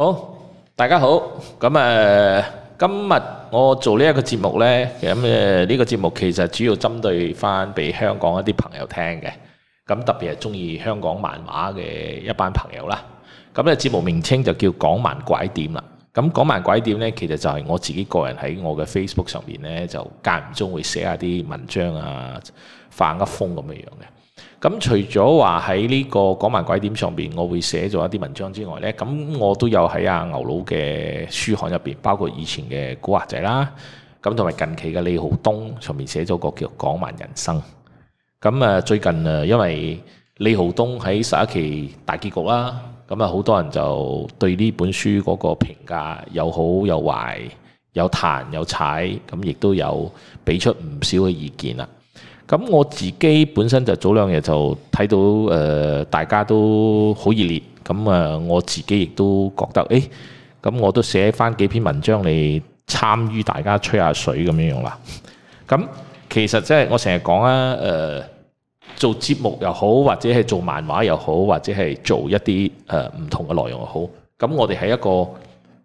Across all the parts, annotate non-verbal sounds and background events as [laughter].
好，大家好。咁啊，今日我做呢一個節目呢，咁誒，呢個節目其實主要針對翻俾香港一啲朋友聽嘅，咁特別係中意香港漫畫嘅一班朋友啦。咁呢節目名稱就叫《港漫拐點》啦。咁《港漫拐點》呢，其實就係我自己個人喺我嘅 Facebook 上面呢，就間唔中會寫下啲文章啊，發一封咁樣樣嘅。咁除咗話喺呢個港漫拐點上邊，我會寫咗一啲文章之外呢，咁我都有喺阿牛佬嘅書刊入邊，包括以前嘅古惑仔啦，咁同埋近期嘅李浩東上面寫咗個叫《港漫人生》。咁誒最近誒，因為李浩東喺十一期大結局啦，咁啊好多人就對呢本書嗰個評價有好有壞，有彈有踩，咁亦都有俾出唔少嘅意見啦。咁我自己本身就早兩日就睇到誒、呃，大家都好熱烈。咁啊、呃，我自己亦都覺得誒，咁、欸、我都寫翻幾篇文章嚟參與大家吹下水咁樣樣啦。咁其實即、就、係、是、我成日講啊，誒、呃、做節目又好，或者係做漫畫又好，或者係做一啲誒唔同嘅內容又好。咁我哋喺一個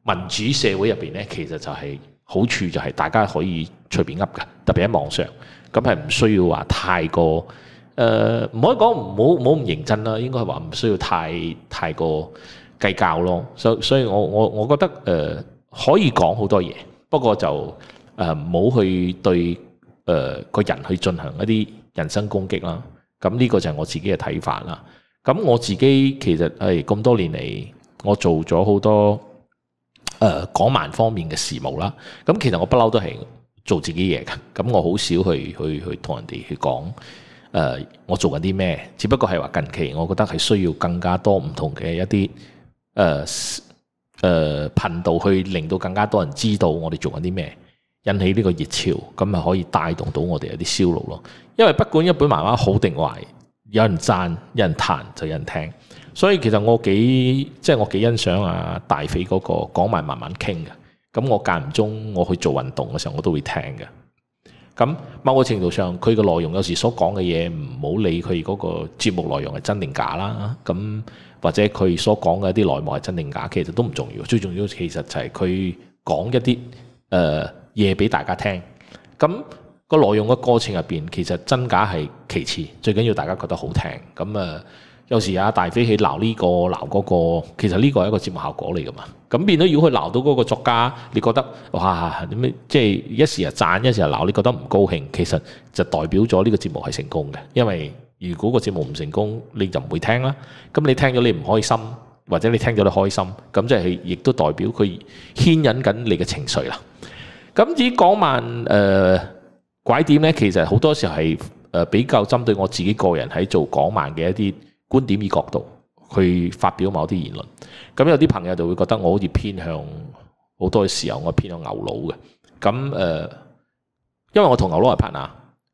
民主社會入邊呢，其實就係、是、好處就係大家可以隨便噏嘅，特別喺網上。咁係唔需要話太過，誒、呃、唔可以講唔好唔好咁認真啦。應該係話唔需要太太過計較咯。所所以，所以我我我覺得誒、呃、可以講好多嘢，不過就唔好、呃、去對誒、呃、個人去進行一啲人身攻擊啦。咁呢個就係我自己嘅睇法啦。咁我自己其實係咁、哎、多年嚟，我做咗好多誒、呃、講漫方面嘅事務啦。咁其實我不嬲都係。做自己嘢嘅，咁我好少去去去同人哋去講，誒、呃，我做緊啲咩？只不過係話近期，我覺得係需要更加多唔同嘅一啲誒誒頻道，去令到更加多人知道我哋做緊啲咩，引起呢個熱潮，咁咪可以帶動到我哋有啲銷路咯。因為不管一本漫畫好定壞，有人讚，有人彈，就有人聽。所以其實我幾即係、就是、我幾欣賞啊大肥嗰、那個講埋慢慢傾嘅。咁我間唔中我去做運動嘅時候，我都會聽嘅。咁某個程度上，佢嘅內容有時所講嘅嘢唔好理佢嗰個節目內容係真定假啦。咁或者佢所講嘅一啲內幕係真定假，其實都唔重要。最重要其實就係佢講一啲誒嘢俾大家聽。咁個內容嘅過程入邊，其實真假係其次，最緊要大家覺得好聽。咁誒。呃有時啊，大飛起鬧呢個鬧嗰個，其實呢個係一個節目效果嚟噶嘛。咁變咗，如果佢鬧到嗰個作家，你覺得哇，點咩？即係一時又讚，一時又鬧，你覺得唔高興。其實就代表咗呢個節目係成功嘅，因為如果個節目唔成功，你就唔會聽啦。咁你聽咗你唔開心，或者你聽咗你開心，咁即係亦都代表佢牽引緊你嘅情緒啦。咁至於港漫誒拐點呢，其實好多時候係誒比較針對我自己個人喺做港漫嘅一啲。觀點與角度去發表某啲言論，咁有啲朋友就會覺得我好似偏向好多時候我偏向牛佬嘅，咁誒、呃，因為我同牛佬係 partner，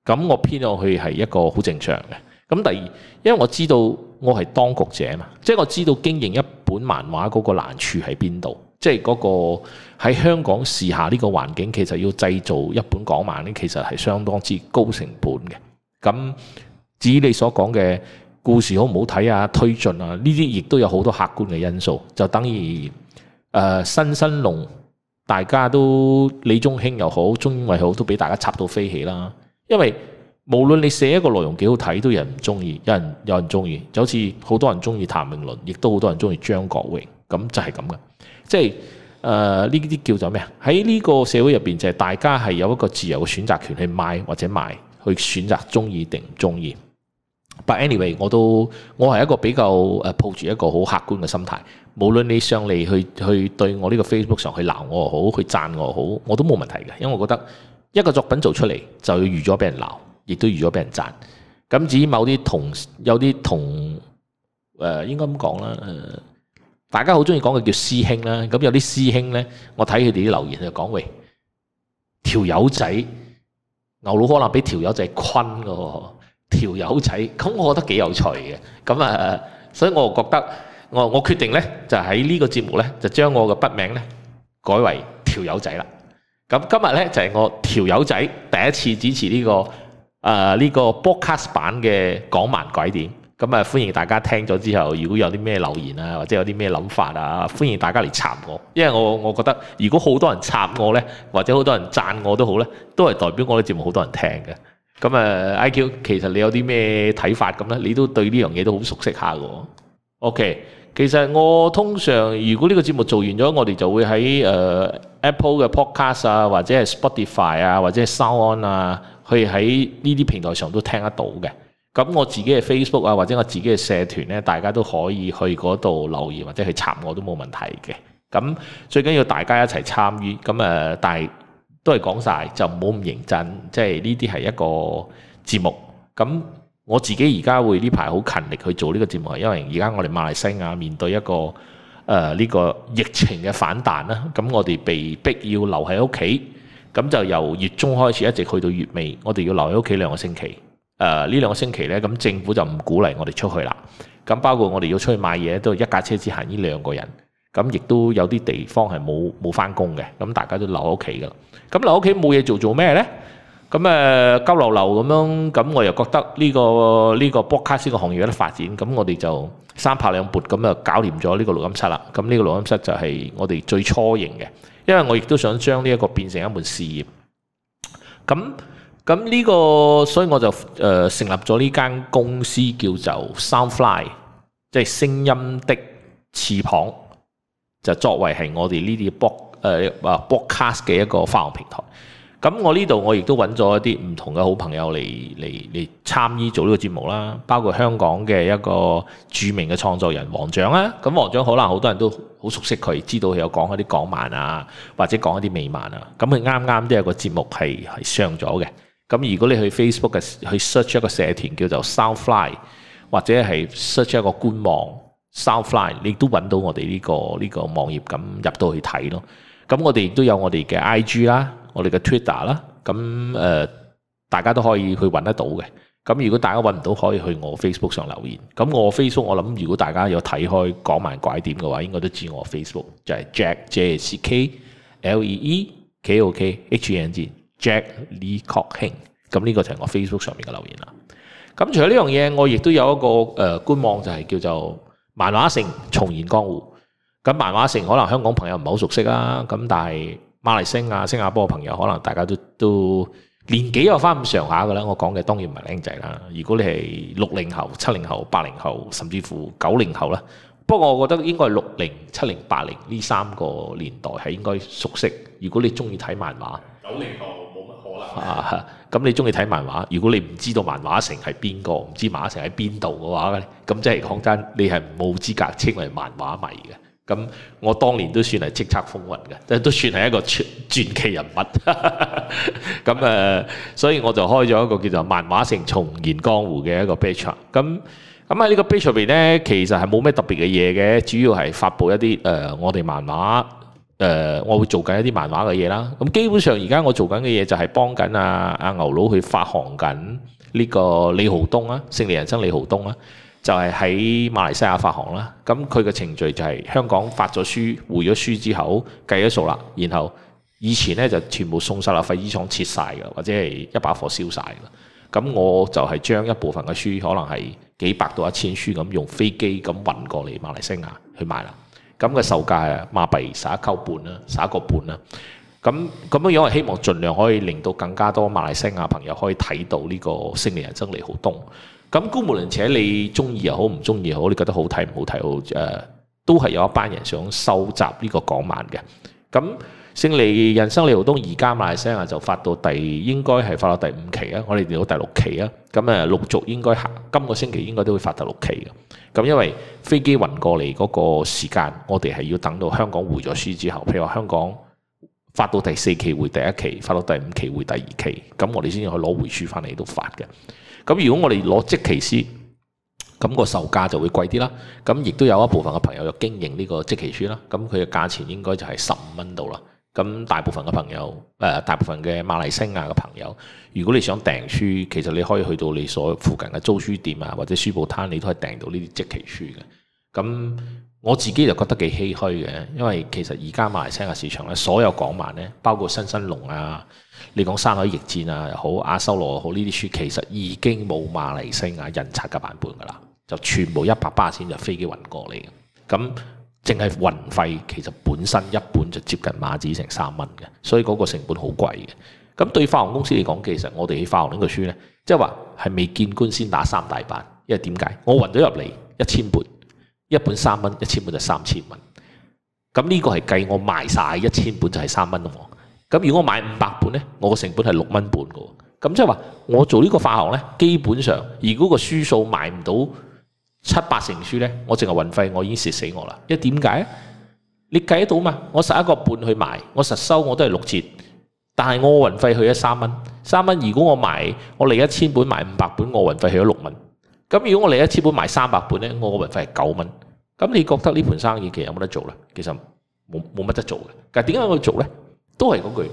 咁我偏向去係一個好正常嘅。咁第二，因為我知道我係當局者嘛，即係我知道經營一本漫畫嗰個難處喺邊度，即係嗰個喺香港時下呢個環境，其實要製造一本港漫咧，其實係相當之高成本嘅。咁至於你所講嘅。故事好唔好睇啊？推進啊，呢啲亦都有好多客觀嘅因素，就等於誒、呃、新新龍，大家都李宗興又好，鐘景惠又好，都俾大家插到飛起啦。因為無論你寫一個內容幾好睇，都有人唔中意，有人有人中意，就好似好多人中意譚詠麟，亦都好多人中意張國榮，咁就係咁嘅。即係誒呢啲叫做咩啊？喺呢個社會入邊，就係大家係有一個自由嘅選擇權去買或者賣，去選擇中意定唔中意。But anyway，我都我係一個比較誒抱住一個好客觀嘅心態，無論你上嚟去去對我呢個 Facebook 上去鬧我又好，去讚我又好，我都冇問題嘅，因為我覺得一個作品做出嚟就要預咗俾人鬧，亦都預咗俾人讚。咁至於某啲同有啲同誒、呃、應該咁講啦，誒、呃、大家好中意講嘅叫師兄啦。咁有啲師兄咧，我睇佢哋啲留言就講，喂，條友仔牛佬可能俾條友仔坤㗎。條友仔，咁我覺得幾有趣嘅，咁啊，所以我就覺得，我我決定呢，就喺呢個節目呢，就將我嘅筆名呢，改為條友仔啦。咁今日呢，就係我條友仔第一次主持呢個啊呢個呃 podcast 版嘅講漫鬼點，咁啊歡迎大家聽咗之後，如果有啲咩留言啊，或者有啲咩諗法啊，歡迎大家嚟插我，因為我我覺得如果好多人插我呢，或者好多人贊我都好呢，都係代表我嘅節目好多人聽嘅。咁誒、啊，IQ 其實你有啲咩睇法咁咧？你都對呢樣嘢都好熟悉下㗎喎。OK，其實我通常如果呢個節目做完咗，我哋就會喺誒、呃、Apple 嘅 Podcast 啊，或者係 Spotify 啊，或者係 SoundOn 啊，去喺呢啲平台上都聽得到嘅。咁我自己嘅 Facebook 啊，或者我自己嘅社團呢，大家都可以去嗰度留言或者去插我都冇問題嘅。咁最緊要大家一齊參與。咁誒、啊，但係，都係講晒，就唔好咁認真，即係呢啲係一個節目。咁我自己而家會呢排好勤力去做呢個節目，因為而家我哋馬來西亞面對一個誒呢、呃這個疫情嘅反彈啦。咁我哋被逼要留喺屋企，咁就由月中開始一直去到月尾，我哋要留喺屋企兩個星期。誒、呃、呢兩個星期呢，咁政府就唔鼓勵我哋出去啦。咁包括我哋要出去買嘢，都係一架車只限呢兩個人。咁亦都有啲地方係冇冇翻工嘅，咁大家都留喺屋企噶。咁留喺屋企冇嘢做，做咩呢？咁誒，鳩流流咁樣，咁我又覺得呢個呢個 Podcast 個行業有得發展，咁我哋就三拍兩撥咁啊，搞掂咗呢個錄音室啦。咁呢個錄音室就係我哋最初型嘅，因為我亦都想將呢一個變成一門事業。咁咁呢個，所以我就誒成立咗呢間公司，叫做 Soundfly，即係聲音的翅膀。就作為係我哋呢啲播誒啊 broadcast 嘅一個發行平台。咁我呢度我亦都揾咗一啲唔同嘅好朋友嚟嚟嚟參與做呢個節目啦。包括香港嘅一個著名嘅創作人黃獎啦。咁黃獎可能好多人都好熟悉佢，知道佢有講一啲港漫啊，或者講一啲美漫啊。咁佢啱啱都有個節目係係上咗嘅。咁如果你去 Facebook 嘅去 search 一個社團叫做 Soundfly 或者係 search 一個官網。Soundfly，你都揾到我哋呢、這個呢、這個網頁咁入到去睇咯。咁我哋亦都有我哋嘅 IG 啦，我哋嘅 Twitter 啦。咁誒，大家都可以去揾得到嘅。咁如果大家揾唔到，可以去我 Facebook 上留言。咁我 Facebook 我諗，如果大家有睇開講埋拐點嘅話，應該都知我 Facebook 就係 Jack J C K L E E K O K H N G Jack 李國慶。咁呢個就係我 Facebook 上面嘅留言啦。咁除咗呢樣嘢，我亦都有一個誒官網，就係、是、叫做。漫畫城重現江湖，咁漫畫城可能香港朋友唔係好熟悉啦，咁但係馬來西亞、新加坡嘅朋友可能大家都都年紀有返咁上下嘅啦。我講嘅當然唔係靚仔啦，如果你係六零後、七零後、八零後，甚至乎九零後啦。不過我覺得應該係六零、七零、八零呢三個年代係應該熟悉。如果你中意睇漫畫，九零後。啊，咁你中意睇漫畫？如果你唔知道漫畫城係邊個，唔知漫畫城喺邊度嘅話咧，咁即係講真，你係冇資格稱為漫畫迷嘅。咁我當年都算係叱咤風雲嘅，即都算係一個傳傳奇人物。咁誒，所以我就開咗一個叫做《漫畫城重現江湖》嘅一個 page。咁咁喺呢個 page 入邊咧，其實係冇咩特別嘅嘢嘅，主要係發布一啲誒、呃、我哋漫畫。誒、呃，我會做緊一啲漫畫嘅嘢啦。咁基本上而家我在做緊嘅嘢就係幫緊阿阿牛佬去發行緊呢個李浩東啊，勝利人生李浩東啊，就係、是、喺馬來西亞發行啦。咁佢嘅程序就係香港發咗書，回咗書之後計咗數啦。然後以前呢就全部送晒啦，廢紙廠切晒㗎，或者係一把火燒晒㗎。咁我就係將一部分嘅書，可能係幾百到一千書咁，用飛機咁運過嚟馬來西亞去賣啦。咁嘅售價啊，馬幣十一溝半啦，十一個半啦。咁咁樣樣，我希望盡量可以令到更加多馬來西亞朋友可以睇到呢個勝利人生李浩東。咁姑無論且你中意又好唔中意又好，你覺得好睇唔好睇好誒，都係有一班人想收集呢個港漫嘅。咁勝利人生李浩東而家馬來西亞就發到第應該係發到第五期啊，我哋到第六期啊。咁誒、陸續應該下今個星期應該都會發第六期嘅。咁因為飛機運過嚟嗰個時間，我哋係要等到香港回咗書之後，譬如話香港發到第四期回第一期，發到第五期回第二期，咁我哋先至可以攞回書翻嚟都發嘅。咁如果我哋攞即期書，咁個售價就會貴啲啦。咁亦都有一部分嘅朋友有經營呢個即期書啦，咁佢嘅價錢應該就係十五蚊到啦。咁大部分嘅朋友，誒、呃、大部分嘅馬來西亞嘅朋友，如果你想訂書，其實你可以去到你所附近嘅租書店啊，或者書報攤，你都可以訂到呢啲即期書嘅。咁我自己就覺得幾唏噓嘅，因為其實而家馬來西亞市場咧，所有港漫呢，包括新新龍啊，你講《山海逆戰》啊又好，《阿修羅》又好呢啲書，其實已經冇馬來西亞印刷嘅版本噶啦，就全部一百八十先就飛機運過嚟嘅。咁淨係運費，其實本身一本就接近碼子成三蚊嘅，所以嗰個成本好貴嘅。咁對發行公司嚟講，其實我哋啲發行呢個書呢，即係話係未見官先打三大板，因為點解？我運咗入嚟一千本，一本三蚊，一千本就三千蚊。咁呢個係計我賣晒一千本就係三蚊咯。咁如果我買五百本呢，我個成本係六蚊本嘅。咁即係話，我做呢個發行呢，基本上如果個書數賣唔到。七八成書呢，我淨係運費，我已經蝕死我啦。因為點解？你計得到嘛？我十一個半去賣，我實收我都係六折，但係我個運費去咗三蚊。三蚊如果我賣，我嚟一千本賣五百本，我運費去咗六蚊。咁如果我嚟一千本賣三百本呢，我個運費係九蚊。咁你覺得呢盤生意其實有冇得做呢？其實冇冇乜得做嘅。但係點解我做呢？都係嗰句，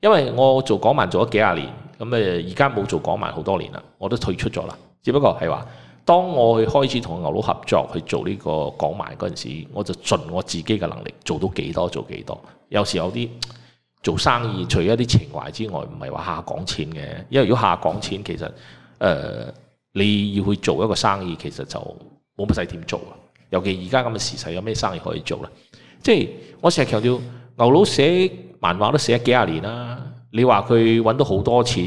因為我做港漫做咗幾廿年，咁誒而家冇做港漫好多年啦，我都退出咗啦。只不過係話。當我去開始同牛佬合作去做呢個講埋嗰陣時，我就盡我自己嘅能力做到幾多做幾多。有時有啲做生意除咗啲情懷之外，唔係話下講錢嘅。因為如果下講錢，其實誒、呃、你要去做一個生意，其實就冇乜使點做啊。尤其而家咁嘅時勢，有咩生意可以做啦？即係我成日強調，牛佬寫漫畫都寫咗幾廿年啦、啊。你話佢揾到好多錢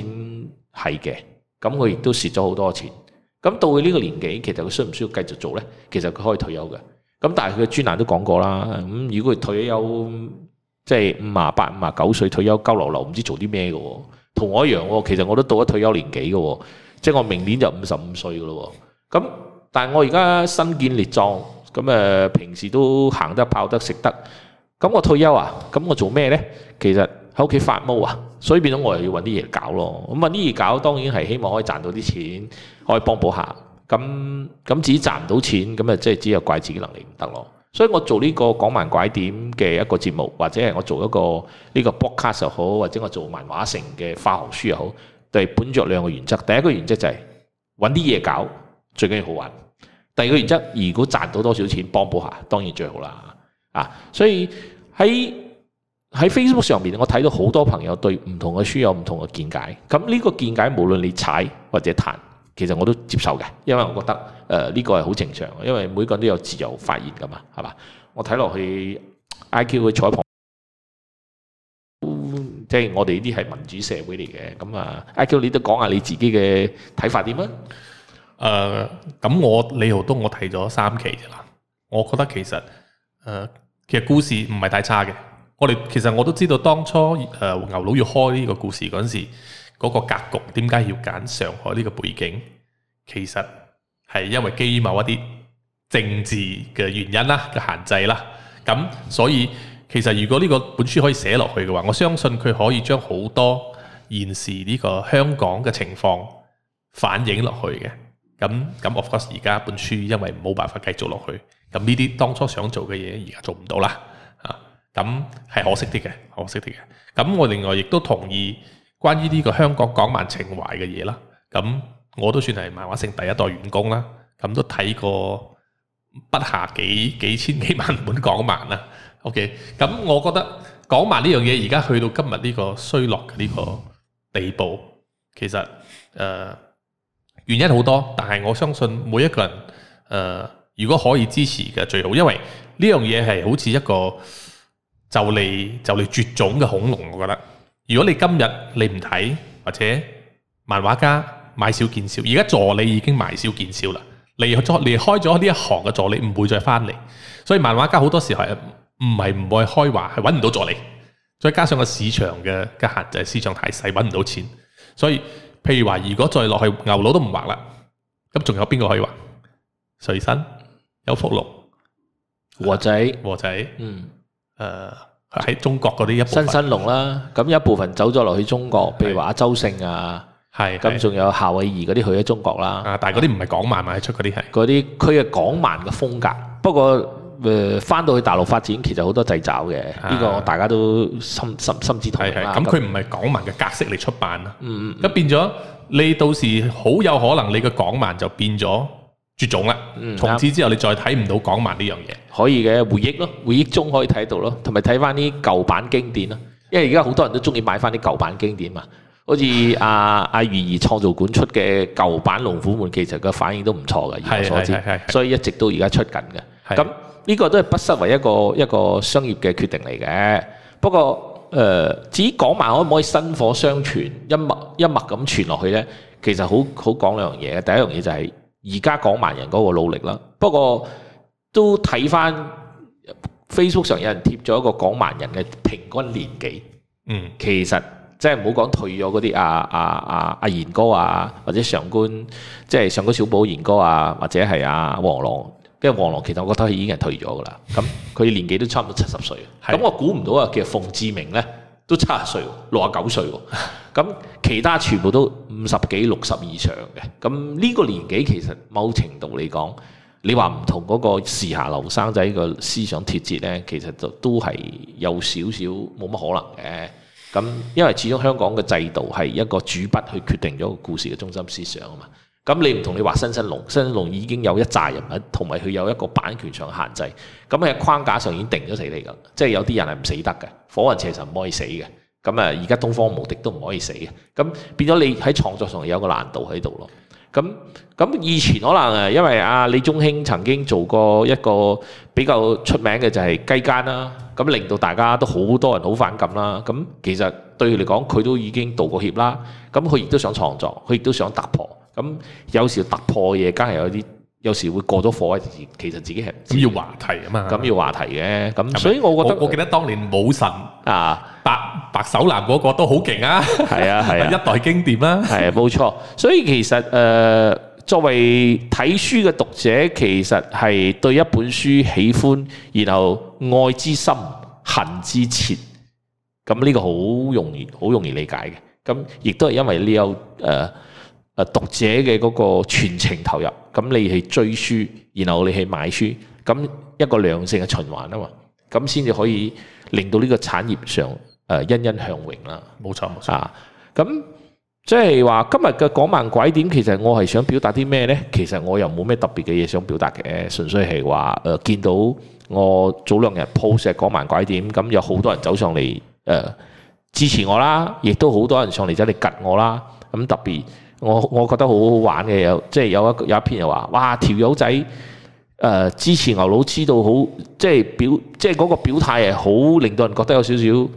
係嘅，咁佢亦都蝕咗好多錢。咁到佢呢個年紀，其實佢需唔需要繼續做咧？其實佢可以退休嘅。咁但係佢嘅專欄都講過啦。咁如果佢退休，即係五啊八、五啊九歲退休，鳩流流唔知做啲咩嘅。同我一樣，其實我都到咗退休年紀嘅。即係我明年就五十五歲嘅咯。咁但係我而家身健力壯，咁誒平時都行得跑得食得。咁我退休啊，咁我做咩咧？其實。喺屋企發毛啊，所以變咗我又要揾啲嘢搞咯。咁揾啲嘢搞當然係希望可以賺到啲錢，可以幫補下。咁咁自己賺唔到錢，咁啊即係只有怪自己能力唔得咯。所以我做呢個講慢拐點嘅一個節目，或者係我做一個呢個播卡又好，或者我做漫畫城嘅化學書又好，都係本着兩個原則。第一個原則就係揾啲嘢搞，最緊要好玩。第二個原則，如果賺到多少錢幫補下，當然最好啦。啊，所以喺喺 Facebook 上面，我睇到好多朋友對唔同嘅書有唔同嘅見解。咁呢個見解，無論你踩或者彈，其實我都接受嘅，因為我覺得誒呢、呃這個係好正常，因為每個人都有自由發言噶嘛，係嘛？我睇落去，IQ 佢坐喺旁，即係我哋呢啲係民主社會嚟嘅。咁啊，IQ 你都講下你自己嘅睇法點啊？誒、呃，咁我李浩東，我睇咗三期啦。我覺得其實誒、呃，其實故事唔係太差嘅。我哋其實我都知道，當初誒、呃、牛佬要開呢個故事嗰陣時，嗰、嗰個格局點解要揀上海呢個背景？其實係因為基於某一啲政治嘅原因啦、嘅限制啦。咁所以其實如果呢個本書可以寫落去嘅話，我相信佢可以將好多現時呢個香港嘅情況反映落去嘅。咁咁，of course 而家本書因為冇辦法繼續落去，咁呢啲當初想做嘅嘢而家做唔到啦。咁係可惜啲嘅，可惜啲嘅。咁我另外亦都同意關於呢個香港港漫情懷嘅嘢啦。咁我都算係漫畫城第一代員工啦。咁都睇過不下幾幾千幾萬本港漫啦。OK。咁我覺得港漫呢樣嘢而家去到今日呢個衰落嘅呢個地步，其實誒原因好多。但係我相信每一個人誒，如果可以支持嘅最好，因為呢樣嘢係好似一個。就嚟就嚟絕種嘅恐龍，我覺得。如果你今日你唔睇，或者漫畫家買少見少，而家助理已經買少見少啦。離咗離開咗呢一行嘅助理，唔會再翻嚟。所以漫畫家好多時候唔係唔會開畫，係揾唔到助理。再加上個市場嘅嘅限制，市場太細，揾唔到錢。所以譬如話，如果再落去牛佬都唔畫啦，咁仲有邊個可以畫？水生、邱福龍、和仔、和仔，嗯。誒，喺中國嗰啲新新龍啦，咁有一部分走咗落去中國，譬如話周勝啊，係，咁仲有夏威夷嗰啲去咗中國啦。啊、但係嗰啲唔係港漫，賣出嗰啲係。嗰啲佢嘅港漫嘅風格，不過誒、返、呃、到去大陸發展，其實好多掣肘嘅，呢、啊、個大家都心心心知肚明啦。咁佢唔係港漫嘅格式嚟出版啊，嗯，嗯，嗯，咁變咗你到時好有可能你嘅港漫就變咗絕種啦。嗯，從此之後你再睇唔到港漫呢樣嘢。可以嘅，回憶咯，回憶中可以睇到咯，同埋睇返啲舊版經典咯，因為而家好多人都鍾意買返啲舊版經典嘛，好似阿阿余兒創造館出嘅舊版《龍虎門》，其實個反應都唔錯嘅，以我所知，是是是是是所以一直都而家出緊嘅。咁呢是是、這個都係不失為一個一個商業嘅決定嚟嘅。不過誒、呃，至於港漫可唔可以薪火相傳，一脈一脈咁傳落去呢？其實好好講兩樣嘢。第一樣嘢就係而家港漫人嗰個努力啦。不過都睇翻 Facebook 上有人貼咗一個港漫人嘅平均年紀，嗯，其實即係唔好講退咗嗰啲啊啊啊啊賢哥啊，或者上官，即係上官小寶賢哥啊，或者係阿黃龍，因為黃龍其實我覺得佢已經係退咗噶啦，咁佢年紀都差唔多七十歲，咁是的 我估唔到啊，其實馮志明呢都七十歲，六十九歲喎，咁其他全部都五十幾六十以上嘅，咁呢個年紀其實某程度嚟講。你話唔同嗰個時下流生仔個思想脱節呢，其實都都係有少少冇乜可能嘅。咁因為始終香港嘅制度係一個主筆去決定咗個故事嘅中心思想啊嘛。咁你唔同你話新新龍，新新龍已經有一紮人物，同埋佢有一個版權上嘅限制。咁喺框架上已經定咗死你噶，即係有啲人係唔死得嘅。火雲邪神唔可以死嘅。咁啊，而家東方無敵都唔可以死嘅。咁變咗你喺創作上有一個難度喺度咯。咁咁以前可能誒，因為阿李宗興曾經做過一個比較出名嘅就係雞奸啦，咁令到大家都好多人好反感啦。咁其實對佢嚟講，佢都已經道過歉啦。咁佢亦都想創作，佢亦都想突破。咁有時突破嘅嘢，梗係有啲。有時會過咗火，其實自己係唔知要話題啊嘛，咁要話題嘅，咁所以我覺得我，我記得當年武神啊，白白手男嗰個都好勁啊，係啊係啊，啊 [laughs] 一代經典啊，係冇、啊、錯。所以其實誒、呃，作為睇書嘅讀者，其實係對一本書喜歡，然後愛之深，恨之切，咁呢個好容易好容易理解嘅。咁亦都係因為呢、這個誒。呃讀者嘅嗰個全程投入，咁你去追書，然後你去買書，咁一個良性嘅循環啊嘛，咁先至可以令到呢個產業上誒欣欣向榮啦。冇錯冇錯啊！咁即係話今日嘅講漫鬼點，其實我係想表達啲咩呢？其實我又冇咩特別嘅嘢想表達嘅，純粹係話誒見到我早兩日 post 講漫鬼點，咁、嗯、有好多人走上嚟誒、呃、支持我啦，亦都好多人上嚟走嚟吉我啦，咁特別。我我覺得好好玩嘅，有即係有一有一篇又話，哇，條友仔誒，支持牛佬知道好，即係表，即係嗰個表態係好令到人覺得有少少誒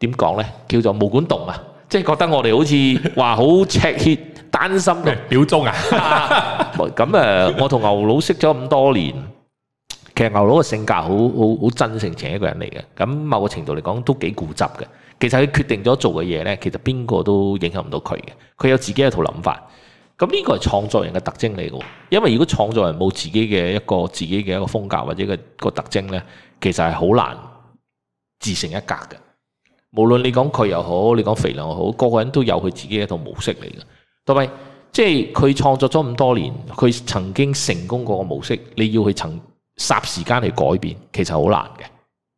點講、呃、呢？叫做毛管動啊！即係覺得我哋好似話好赤血 [laughs] 丹心嘅表忠啊！咁 [laughs] 誒、啊，我同牛佬識咗咁多年，其實牛佬嘅性格好好好真性情一個人嚟嘅，咁某個程度嚟講都幾固執嘅。其實佢決定咗做嘅嘢呢，其實邊個都影響唔到佢嘅。佢有自己一套諗法。咁呢個係創作人嘅特徵嚟嘅。因為如果創作人冇自己嘅一個自己嘅一個風格或者個個特徵呢，其實係好難自成一格嘅。無論你講佢又好，你講肥良又好，個個人都有佢自己一套模式嚟嘅。同埋，即係佢創作咗咁多年，佢曾經成功過個模式，你要曾去層霎時間嚟改變，其實好難嘅。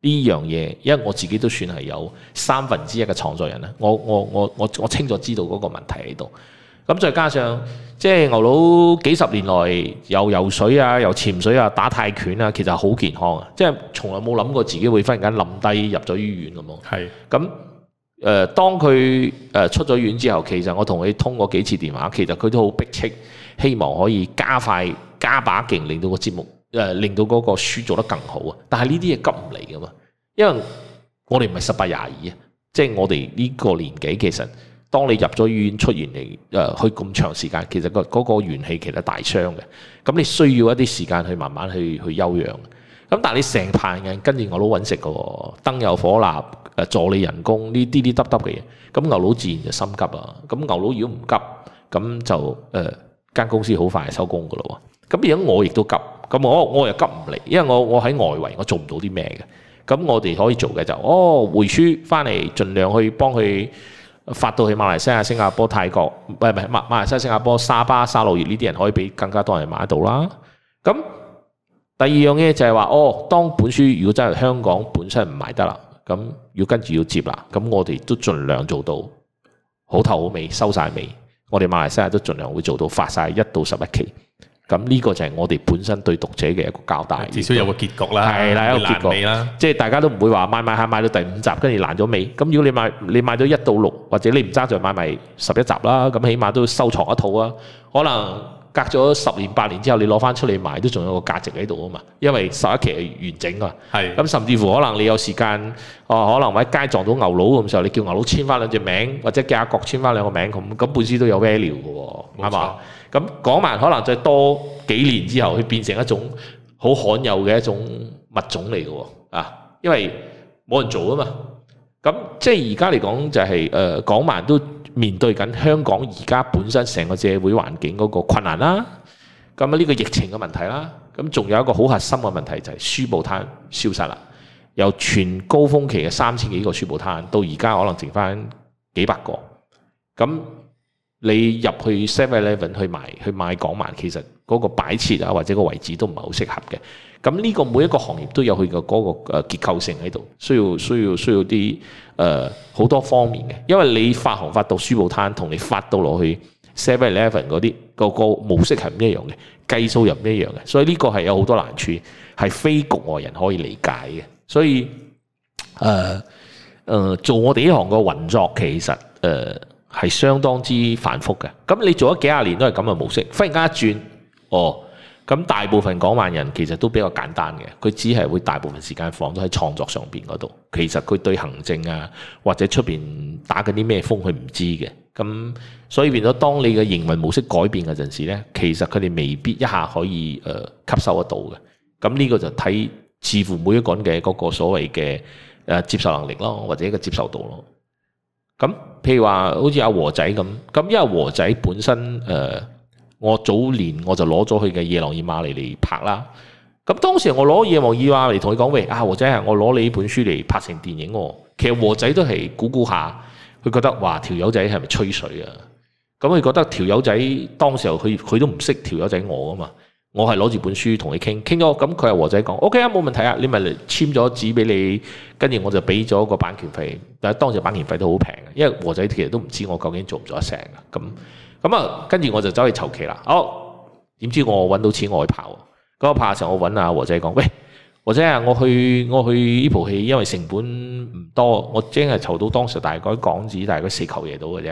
呢樣嘢，因為我自己都算係有三分之一嘅創作人啦。我我我我我清楚知道嗰個問題喺度。咁再加上即係牛佬幾十年來又游水啊，又潛水啊，打泰拳啊，其實好健康啊。即係從來冇諗過自己會忽然間冧低入咗醫院咁咯。係是。咁誒、呃，當佢誒出咗院之後，其實我同佢通過幾次電話，其實佢都好迫切，希望可以加快加把勁，令到個節目。誒令到嗰個書做得更好啊！但係呢啲嘢急唔嚟㗎嘛，因為我哋唔係十八廿二啊，即係我哋呢個年紀，其實當你入咗醫院出現嚟誒、呃，去咁長時間，其實個嗰個元氣其實大傷嘅，咁你需要一啲時間去慢慢去去休養嘅。咁但係你成排人跟住牛佬揾食嘅喎，燈油火蠟誒助理人工呢啲啲耷耷嘅嘢，咁牛佬自然就心急啊。咁牛佬如果唔急，咁就誒間、呃、公司好快收工㗎咯喎。咁而家我亦都急。咁我、哦、我又急唔嚟，因為我我喺外圍，我做唔到啲咩嘅。咁我哋可以做嘅就，哦，回書翻嚟，儘量去幫佢發到去馬來西亞、新加坡、泰國，唔係唔係馬馬來西亞、新加坡、沙巴、沙勞越呢啲人可以俾更加多人買得到啦。咁第二樣嘢就係話，哦，當本書如果真係香港本身唔賣得啦，咁要跟住要接啦，咁我哋都儘量做到好頭好尾收晒尾。我哋馬來西亞都儘量會做到發晒一到十一期。咁呢個就係我哋本身對讀者嘅一個交代，至少有個結局啦，係啦，有結局啦，即係大家都唔會話買一買下買，買到第五集，跟住爛咗尾。咁如果你買，你買咗一到六，或者你唔爭在買埋十一集啦，咁起碼都要收藏一套啊。可能隔咗十年八年之後，你攞翻出嚟賣，都仲有個價值喺度啊嘛。因為十一期係完整啊，係咁、嗯、甚至乎可能你有時間，哦、呃，可能喺街撞到牛佬咁時候，你叫牛佬簽翻兩隻名，或者叫阿角簽翻兩個名咁，咁本身都有 value 嘅喎、啊，嘛？咁講埋，可能再多幾年之後，佢變成一種好罕有嘅一種物種嚟嘅啊，因為冇人做啊嘛。咁即係而家嚟講就係誒，講埋都面對緊香港而家本身成個社會環境嗰個困難啦。咁啊呢個疫情嘅問題啦，咁仲有一個好核心嘅問題就係書報攤消失啦。由全高峰期嘅三千幾個書報攤，到而家可能剩返幾百個。咁你入去 Seven Eleven 去買去買港漫，其實嗰個擺設啊或者個位置都唔係好適合嘅。咁呢個每一個行業都有佢個嗰個誒結構性喺度，需要需要需要啲誒好多方面嘅。因為你發行發到書報攤，同你發到落去 Seven Eleven 嗰啲個，個模式係唔一樣嘅，計數又唔一樣嘅。所以呢個係有好多難處，係非局外人可以理解嘅。所以誒誒、呃呃，做我哋呢行個運作，其實誒。呃係相當之繁複嘅，咁你做咗幾廿年都係咁嘅模式，忽然間一轉，哦，咁大部分港漫人其實都比較簡單嘅，佢只係會大部分時間放咗喺創作上邊嗰度，其實佢對行政啊或者出邊打緊啲咩風，佢唔知嘅，咁所以變咗，當你嘅營運模式改變嗰陣時咧，其實佢哋未必一下可以誒、呃、吸收得到嘅，咁呢個就睇似乎每一個人嘅嗰個所謂嘅誒接受能力咯，或者一個接受度咯。咁譬如話，好似阿和仔咁，咁因為和仔本身誒、呃，我早年我就攞咗佢嘅《夜郎與馬》嚟嚟拍啦。咁當時我攞《夜郎與馬》嚟同佢講，喂，啊和仔啊，我攞你本書嚟拍成電影喎，哦。其實和仔都係估估下，佢覺得哇，條友仔係咪吹水啊？咁佢覺得條友仔當時候佢，佢都唔識條友仔，我啊嘛。我係攞住本書同佢傾，傾咗咁佢係和仔講，OK 啊，冇問題啊，你咪簽咗紙俾你，跟住我就俾咗個版權費。但係當時版權費都好平嘅，因為和仔其實都唔知我究竟做唔做得成啊。咁咁啊，跟住我就走去籌期啦。哦，點知我揾到錢我去拍喎。咁拍嘅時候我揾阿和仔講，喂和仔啊，我去我去呢部戲，因為成本唔多，我即係籌到當時大概港紙大概四嚿嘢到嘅啫。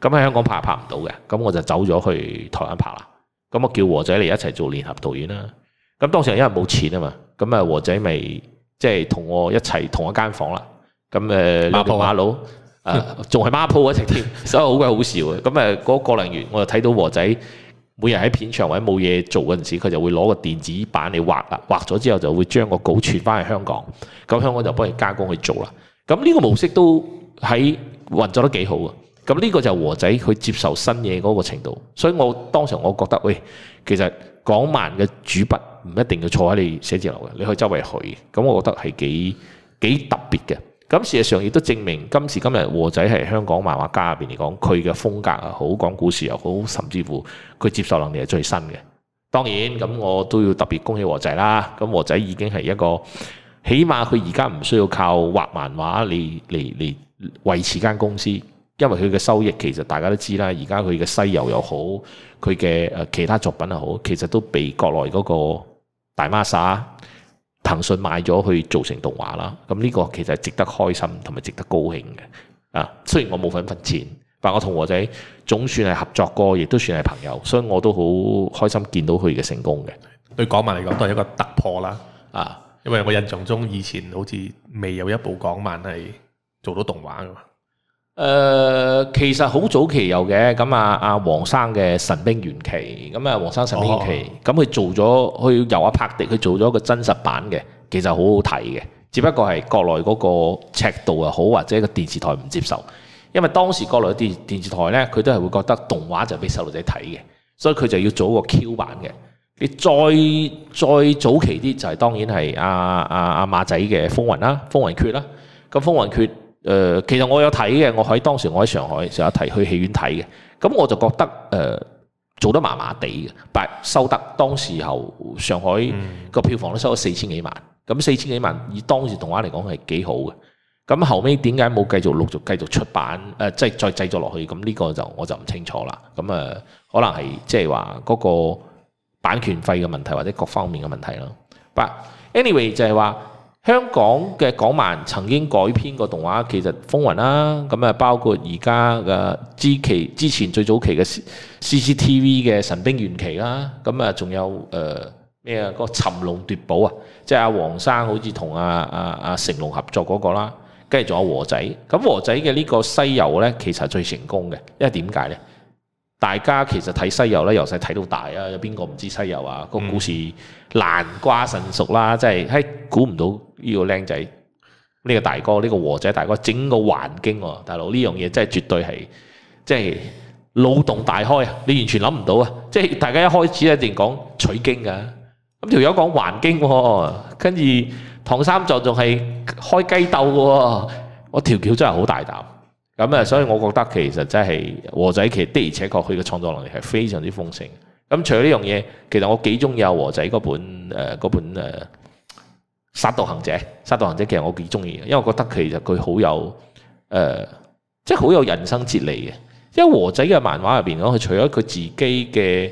咁喺香港拍拍唔到嘅，咁我就走咗去台灣拍啦。咁我叫和仔嚟一齊做聯合導演啦。咁當時因為冇錢啊嘛，咁啊和仔咪即係同我一齊同一間房啦。咁誒孖鋪孖佬啊，仲係孖鋪一齊添，所以好鬼 [laughs] 好笑嘅。咁誒嗰個零月，我就睇到和仔每日喺片場或者冇嘢做嗰陣時，佢就會攞個電子版嚟畫啦。畫咗之後就會將個稿傳翻去香港，咁香港就幫佢加工去做啦。咁呢個模式都喺運作得幾好啊！咁呢個就係和仔去接受新嘢嗰個程度，所以我當時我覺得，喂、欸，其實港漫嘅主筆唔一定要坐喺你寫字樓嘅，你可以周圍去，咁我覺得係幾幾特別嘅。咁事實上亦都證明今時今日和仔係香港漫畫家入邊嚟講，佢嘅風格又好，講故事又好，甚至乎佢接受能力係最新嘅。當然咁，我都要特別恭喜和仔啦。咁和仔已經係一個起碼佢而家唔需要靠畫漫畫嚟嚟嚟維持間公司。因為佢嘅收益其實大家都知啦，而家佢嘅西遊又好，佢嘅誒其他作品又好，其實都被國內嗰個大孖沙騰訊買咗去做成動畫啦。咁呢個其實值得開心同埋值得高興嘅。啊，雖然我冇份分，分錢，但我同和仔總算係合作過，亦都算係朋友，所以我都好開心見到佢嘅成功嘅。對港漫嚟講都係一個突破啦。啊，因為我印象中以前好似未有一部港漫係做到動畫噶嘛。誒、呃、其實好早期有嘅，咁啊啊黃生嘅神兵玄奇，咁啊黃生神兵玄奇，咁佢、哦、做咗去遊阿拍地，佢做咗個真實版嘅，其實好好睇嘅，只不過係國內嗰個尺度又好，或者個電視台唔接受，因為當時國內嘅電電視台呢，佢都係會覺得動畫就俾細路仔睇嘅，所以佢就要做一個 Q 版嘅。你再再早期啲就係當然係阿阿阿馬仔嘅《風雲》啦，《風雲決》啦，咁《風雲決》。誒、呃，其實我有睇嘅，我喺當時我喺上海就有提去戲院睇嘅，咁我就覺得誒、呃、做得麻麻地嘅，但收得當時候上海個票房都收咗四千幾萬，咁四千幾萬以當時動畫嚟講係幾好嘅，咁後尾點解冇繼續陸續繼續出版誒，即、呃、係再製作落去，咁呢個就我就唔清楚啦，咁誒、呃、可能係即係話嗰個版權費嘅問題或者各方面嘅問題咯，But anyway 就係話。香港嘅港漫曾經改編過動畫，其實《風雲》啦，咁啊包括而家嘅之期之前最早期嘅 CCTV 嘅《神兵玄奇》啦，咁啊仲有誒咩啊個《尋龍奪寶》啊，即係阿黃生好似同阿阿阿成龍合作嗰、那個啦，跟住仲有和仔，咁和仔嘅呢個《西遊》咧其實最成功嘅，因為點解咧？大家其實睇西遊咧，由細睇到大啊！有邊個唔知西遊啊？個故事難瓜神熟啦，即係嘿估唔到呢個僆仔，呢個大哥，呢個和仔大哥整個還經喎，大佬呢樣嘢真係絕對係即係腦洞大開啊！你完全諗唔到啊！即係大家一開始一定講取經噶，咁條友講還經喎，跟住唐三藏仲係開雞鬥嘅喎，我條橋真係好大膽。咁啊、嗯，所以我覺得其實真係和仔，其實的而且確佢嘅創作能力係非常之豐盛。咁、嗯、除咗呢樣嘢，其實我幾中意啊和仔，嗰本誒，嗰本誒《殺、呃、道行者》。《殺道行者》其實我幾中意，因為我覺得其實佢好有誒，即係好有人生哲理嘅。因為和仔嘅漫畫入邊，我佢除咗佢自己嘅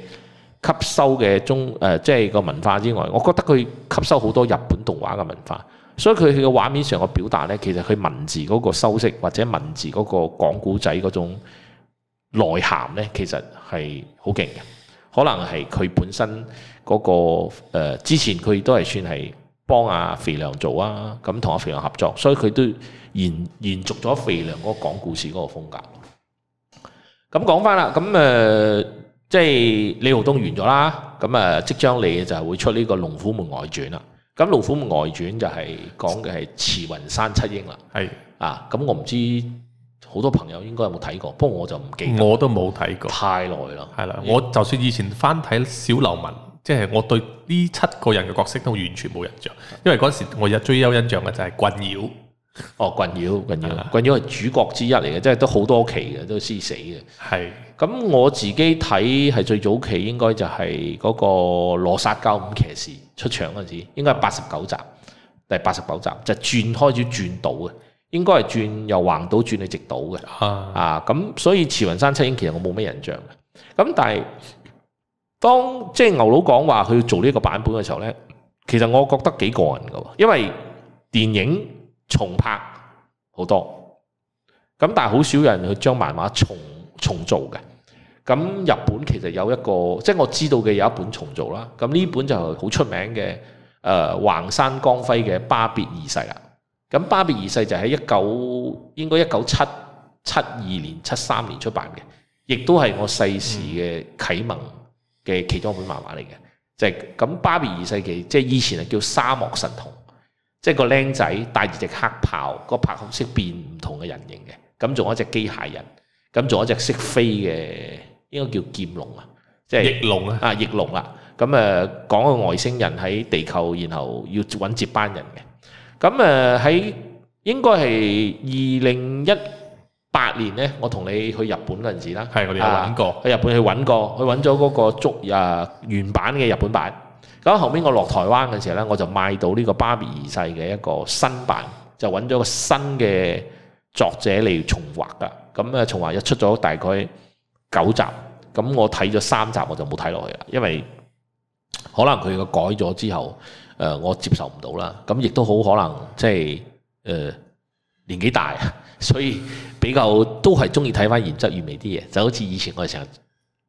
吸收嘅中誒，即係個文化之外，我覺得佢吸收好多日本動畫嘅文化。所以佢佢嘅畫面上嘅表達呢，其實佢文字嗰個修飾或者文字嗰個講古仔嗰種內涵呢，其實係好勁嘅。可能係佢本身嗰、那個、呃、之前佢都係算係幫阿、啊、肥良做啊，咁同阿肥良合作，所以佢都延延續咗肥良嗰個講故事嗰個風格。咁講翻啦，咁誒、呃、即係李浩東完咗啦，咁誒即將嚟就係會出呢個《龍虎門外傳》啦。咁《龍虎門外傳》就係講嘅係慈雲山七鷹啦，是啊，咁我唔知好多朋友應該有冇睇過，不過我就唔記得了。我都冇睇過，太耐啦。我就算以前翻睇《小流氓》，即係我對呢七個人嘅角色都完全冇印象，因為嗰陣時我最有最優印象嘅就係棍妖。哦，棍妖棍妖棍的妖，係主角之一嚟嘅，即係都好多期嘅，都先死嘅。係咁的，我自己睇係最早期應該就係嗰個羅剎教五騎士出場嗰陣時，應該係八十九集，的第八十九集就是、轉開始轉度嘅，應該係轉由橫度轉去直度嘅。的啊，咁，所以慈雲山七鷹其實我冇咩印象嘅。咁但係當即係、就是、牛佬講話佢要做呢一個版本嘅時候呢，其實我覺得幾過癮㗎喎，因為電影。重拍好多，咁但係好少人去將漫畫重重做嘅。咁日本其實有一個，即係我知道嘅有一本重做啦。咁呢本就好出名嘅，誒、呃、橫山光輝嘅《巴別二世》啦。咁《巴別二世》就喺一九應該一九七七二年，七三年出版嘅，亦都係我細時嘅啟蒙嘅其中一本漫畫嚟嘅。就係咁，《巴別二世》嘅，即係以前係叫《沙漠神童》。即係個僆仔帶住隻黑豹，個白色識變唔同嘅人形嘅，咁仲有一隻機械人，咁仲有一隻識飛嘅，應該叫劍龍啊，即係翼龍啊，啊翼龍啦，咁誒講個外星人喺地球，然後要揾接班人嘅，咁誒喺應該係二零一八年呢，我同你去日本嗰陣時啦，係我哋去玩過，去日本去揾過，去揾咗嗰個捉啊原版嘅日本版。咁後面我落台灣嘅時候咧，我就買到呢個芭比二世嘅一個新版，就揾咗個新嘅作者嚟重畫噶。咁、嗯、咧重畫一出咗大概九集，咁、嗯、我睇咗三集我就冇睇落去啦，因為可能佢嘅改咗之後，誒、呃、我接受唔到啦。咁亦都好可能即係誒、呃、年紀大，所以比較都係中意睇翻原汁原味啲嘢，就好似以前我哋成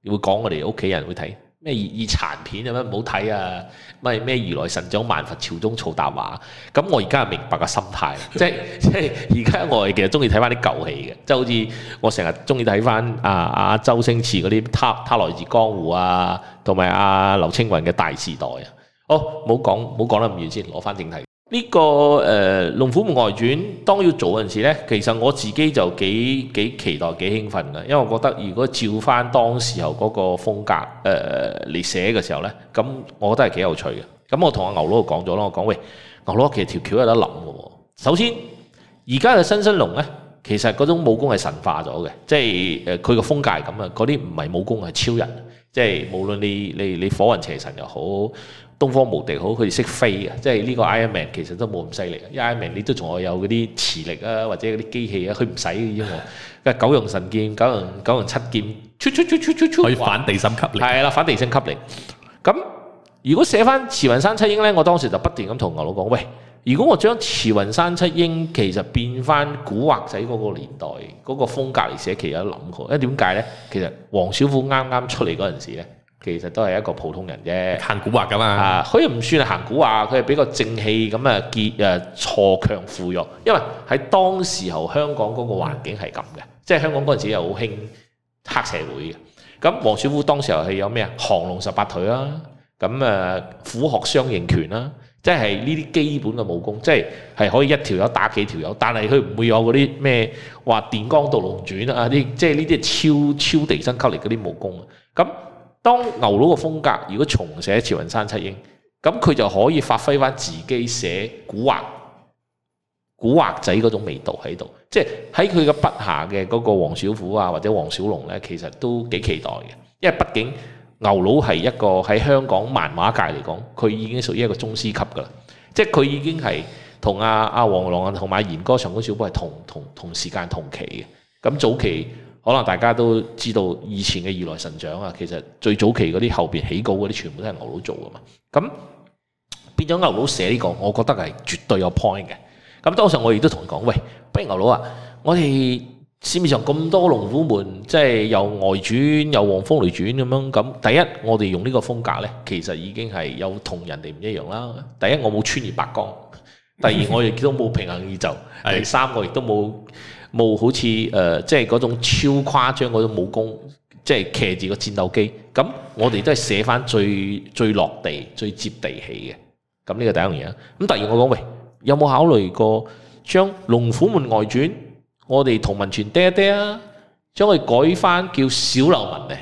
日會講我哋屋企人會睇。咩以殘片咁樣唔好睇啊！咪咩如來神掌、萬佛朝宗、曹達華，咁我而家係明白個心態，即係即係而家我其實中意睇翻啲舊戲嘅，即係好似我成日中意睇翻啊啊周星馳嗰啲《他他來自江湖》啊，同埋阿劉青雲嘅《大時代》啊。好，唔好講唔好講得咁遠先，攞翻正題。呢、這個誒、呃《龍虎門外傳》當要做嗰陣時咧，其實我自己就幾幾期待、幾興奮嘅，因為我覺得如果照翻當時候嗰個風格誒嚟、呃、寫嘅時候呢，咁我覺得係幾有趣嘅。咁我同阿牛佬講咗咯，我講，喂，牛佬其實條橋有得諗嘅喎。首先，而家嘅新新龍呢，其實嗰種武功係神化咗嘅，即係誒佢個風格係咁啊，嗰啲唔係武功係超人，即係無論你你你你火雲邪神又好。東方無敵好，佢哋識飛嘅，即係呢個 Iron Man 其實都冇咁犀利，Iron Man 你都仲有嗰啲磁力啊，或者嗰啲機器啊，佢唔使嘅啫，九陽神劍、九陽九陽七劍，出，可以反地心吸力。係啦， [laughs] 反地心吸力。咁如果寫翻慈雲山七英呢，我當時就不斷咁同牛佬講：喂，如果我將慈雲山七英其實變翻古惑仔嗰個年代嗰個風格嚟寫，其實有諗過。因為點解呢？其實王小虎啱啱出嚟嗰陣時咧。其實都係一個普通人啫，古啊、行古惑噶嘛，佢又唔算係行古惑，佢係比較正氣咁啊，結誒鋤強扶弱，因為喺當時候香港嗰個環境係咁嘅，即係香港嗰陣時又好興黑社會嘅，咁王小虎當時候係有咩啊？降龍十八腿啦、啊，咁誒苦學雙形拳啦、啊，即係呢啲基本嘅武功，即係係可以一條友打幾條友，但係佢唔會有嗰啲咩話電光毒龍鑽啊啲，即係呢啲超超地身級嚟嗰啲武功啊，咁。當牛佬嘅風格如果重寫《慈雲山七鷹》，咁佢就可以發揮翻自己寫古惑、古惑仔嗰種味道喺度。即係喺佢嘅筆下嘅嗰個王小虎啊，或者王小龍呢，其實都幾期待嘅。因為畢竟牛佬係一個喺香港漫畫界嚟講，佢已經屬於一個宗師級噶啦。即係佢已經係同阿阿黃龍啊，同埋賢哥、上官小寶係同同同時間同期嘅。咁早期。可能大家都知道以前嘅如來神掌啊，其實最早期嗰啲後邊起稿嗰啲全部都係牛佬做噶嘛。咁變咗牛佬寫呢、這個，我覺得係絕對有 point 嘅。咁當時我亦都同佢講，喂，不如牛佬啊，我哋市面上咁多龍虎門，即係有外傳、有黃風雷傳咁樣。咁第一，我哋用呢個風格呢，其實已經係有同人哋唔一樣啦。第一，我冇穿越白江；第二，我亦都冇平衡宇宙；第三，我亦都冇。冇好似誒、呃，即係嗰種超誇張嗰種武功，即係騎住個戰鬥機。咁我哋都係寫翻最最落地、最接地氣嘅。咁呢個第一樣嘢。咁突然我講喂，有冇考慮過將《龍虎門外傳》我哋同文傳嗲爹啊，將佢改翻叫《小流氓》呢？